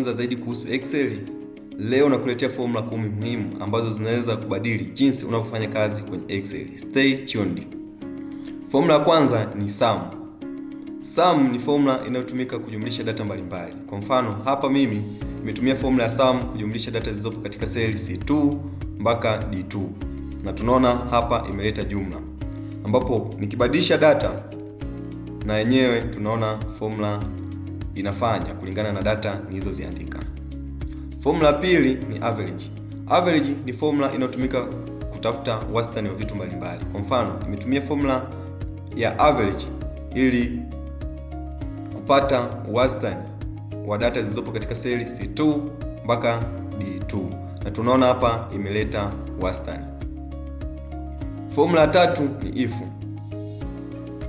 kujifunza zaidi kuhusu Excel, leo nakuletea formula kumi muhimu ambazo zinaweza kubadili jinsi unavyofanya kazi kwenye Excel. Stay tuned. Formula ya kwanza ni sum. Sum ni formula inayotumika kujumlisha data mbalimbali. Kwa mfano, hapa mimi nimetumia formula ya sum kujumlisha data zilizopo katika seli C2 mpaka D2. Na tunaona hapa imeleta jumla. Ambapo nikibadilisha data na yenyewe tunaona formula inafanya kulingana na data nilizoziandika. Formula pili ni average. Average ni formula inayotumika kutafuta wastani wa vitu mbalimbali. Kwa mfano, nimetumia formula ya average ili kupata wastani wa data zilizopo katika seli C2 mpaka D2, na tunaona hapa imeleta wastani. Formula tatu ni if.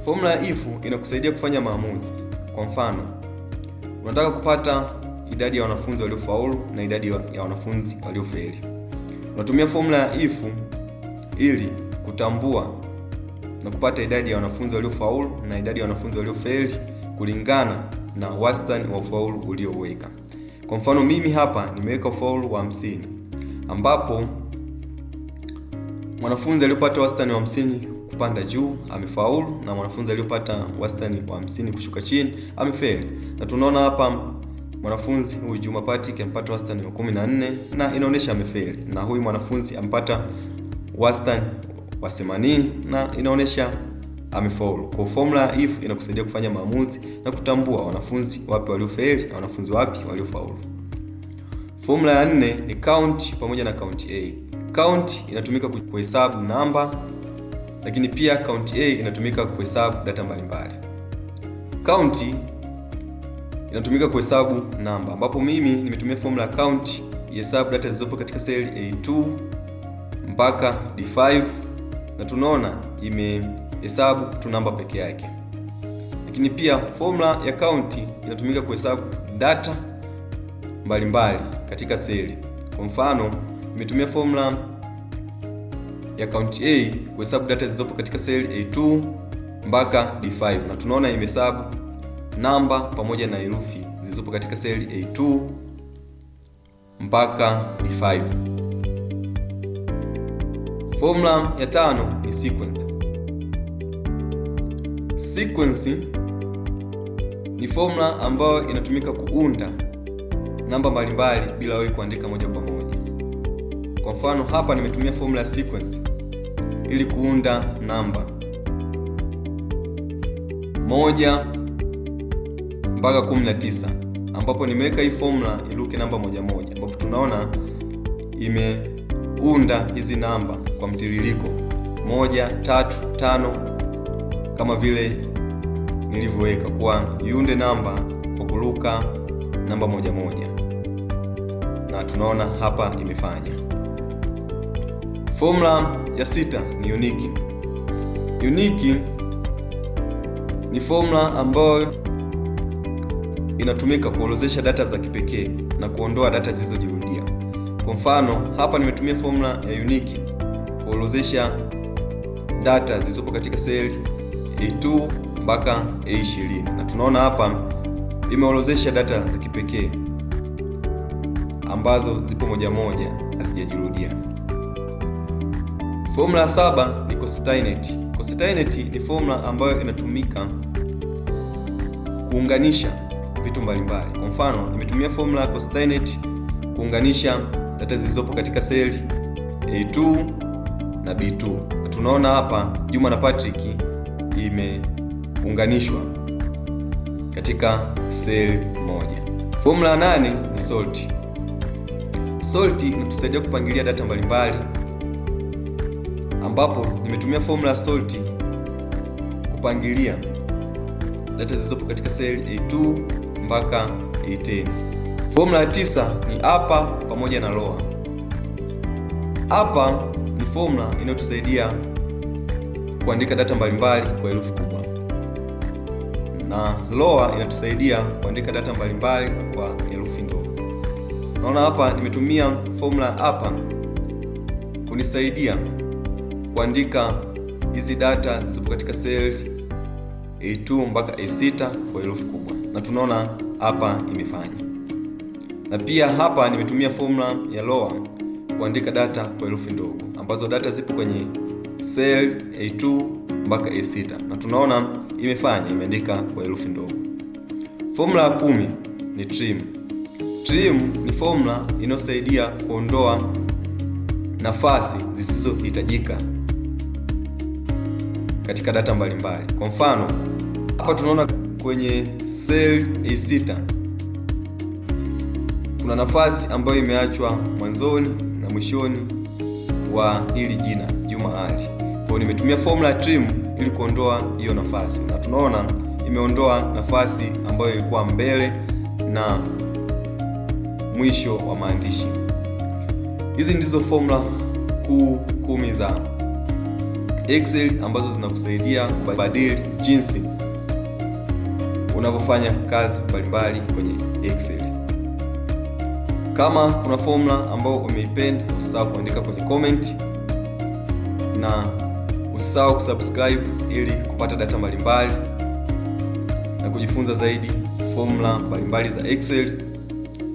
Formula ya if inakusaidia kufanya maamuzi. Kwa mfano Unataka kupata idadi ya wanafunzi waliofaulu na idadi ya wanafunzi waliofeli. Unatumia formula ya if ili kutambua na kupata idadi ya wanafunzi waliofaulu na idadi ya wanafunzi waliofeli kulingana na wastani wa ufaulu ulioweka. Kwa mfano, mimi hapa nimeweka ufaulu wa 50 ambapo mwanafunzi aliyopata wastani wa 50 kupanda juu amefaulu, na mwanafunzi aliyopata wastani wa hamsini kushuka chini amefeli. Na tunaona hapa mwanafunzi huyu Juma Patrick amepata wastani wa 14 na inaonyesha amefeli, na huyu mwanafunzi amepata wastani wa 80 na inaonyesha amefaulu. Kwa formula if inakusaidia kufanya maamuzi na kutambua wanafunzi wapi waliofeli na wanafunzi wapi waliofaulu. Formula ya nne ni count pamoja na count A. Count inatumika kuhesabu namba lakini pia count A inatumika kuhesabu data mbalimbali. Count inatumika kuhesabu namba, ambapo mimi nimetumia formula ya count ihesabu data zilizopo katika cell A2 mpaka D5, na tunaona imehesabu tu namba peke yake. Lakini pia formula ya count inatumika kuhesabu data mbalimbali mbali katika seli. Kwa mfano, nimetumia formula ya account A kuhesabu data zilizopo katika cell A2 mpaka D5, na tunaona imehesabu namba pamoja na herufi zilizopo katika cell A2 mpaka D5. Formula ya tano ni sequence. Sequence ni formula ambayo inatumika kuunda namba mbalimbali bila wewe kuandika moja kwa moja. Kwa mfano hapa nimetumia formula sequence ili kuunda namba moja mpaka kumi na tisa ambapo nimeweka hii formula iluke namba moja moja, ambapo tunaona imeunda hizi namba kwa mtiririko moja, tatu, tano kama vile nilivyoweka kwa iunde namba kwa kuruka namba moja moja, na tunaona hapa imefanya Formula ya sita ni uniki. Uniki ni formula ambayo inatumika kuorozesha data za kipekee na kuondoa data zilizojirudia. Kwa mfano, hapa nimetumia formula ya uniki kuorozesha data zilizopo katika seli A2 mpaka A20 na tunaona hapa imeorozesha data za kipekee ambazo zipo moja moja hazijajirudia. Formula ya saba ni costinate. Costinate ni formula ambayo inatumika kuunganisha vitu mbalimbali. Kwa mfano, nimetumia formula ya costinate kuunganisha data zilizopo katika seli A2 na B2. Na tunaona hapa Juma na Patrick imeunganishwa katika seli moja. Formula ya nane ni salt. Salt inatusaidia kupangilia data mbalimbali ambapo nimetumia formula salt kupangilia data zilizopo katika cell A2 mpaka A10. Formula ya tisa ni hapa pamoja na lower. Hapa ni formula inayotusaidia kuandika data mbalimbali kwa herufi kubwa na lower inatusaidia kuandika data mbalimbali kwa herufi ndogo. Naona hapa nimetumia formula hapa kunisaidia kuandika hizi data zipo katika cell A2 mpaka A6 kwa herufi kubwa, na tunaona hapa imefanya. Na pia hapa nimetumia formula ya Lower kuandika data kwa herufi ndogo, ambazo data zipo kwenye cell A2 mpaka A6, na tunaona imefanya, imeandika kwa herufi ndogo. Formula ya kumi ni trim. Trim ni formula inayosaidia kuondoa nafasi zisizohitajika katika data mbalimbali. Kwa mfano hapa tunaona kwenye cell A6 kuna nafasi ambayo imeachwa mwanzoni na mwishoni wa hili jina Juma Ali. Kwa nimetumia formula trim ili kuondoa hiyo nafasi, na tunaona imeondoa nafasi ambayo ilikuwa mbele na mwisho wa maandishi. Hizi ndizo formula kuu kumi za Excel ambazo zinakusaidia kubadili jinsi unavyofanya kazi mbalimbali kwenye Excel. Kama kuna formula ambayo umeipenda, usisahau kuandika kwenye comment na usisahau kusubscribe ili kupata data mbalimbali na kujifunza zaidi formula mbalimbali za Excel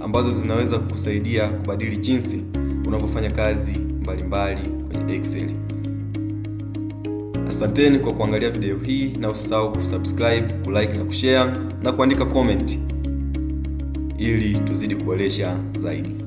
ambazo zinaweza kukusaidia kubadili jinsi unavyofanya kazi mbalimbali kwenye Excel. Asanteni kwa kuangalia video hii na usisahau kusubscribe, kulike na kushare na kuandika comment ili tuzidi kuboresha zaidi.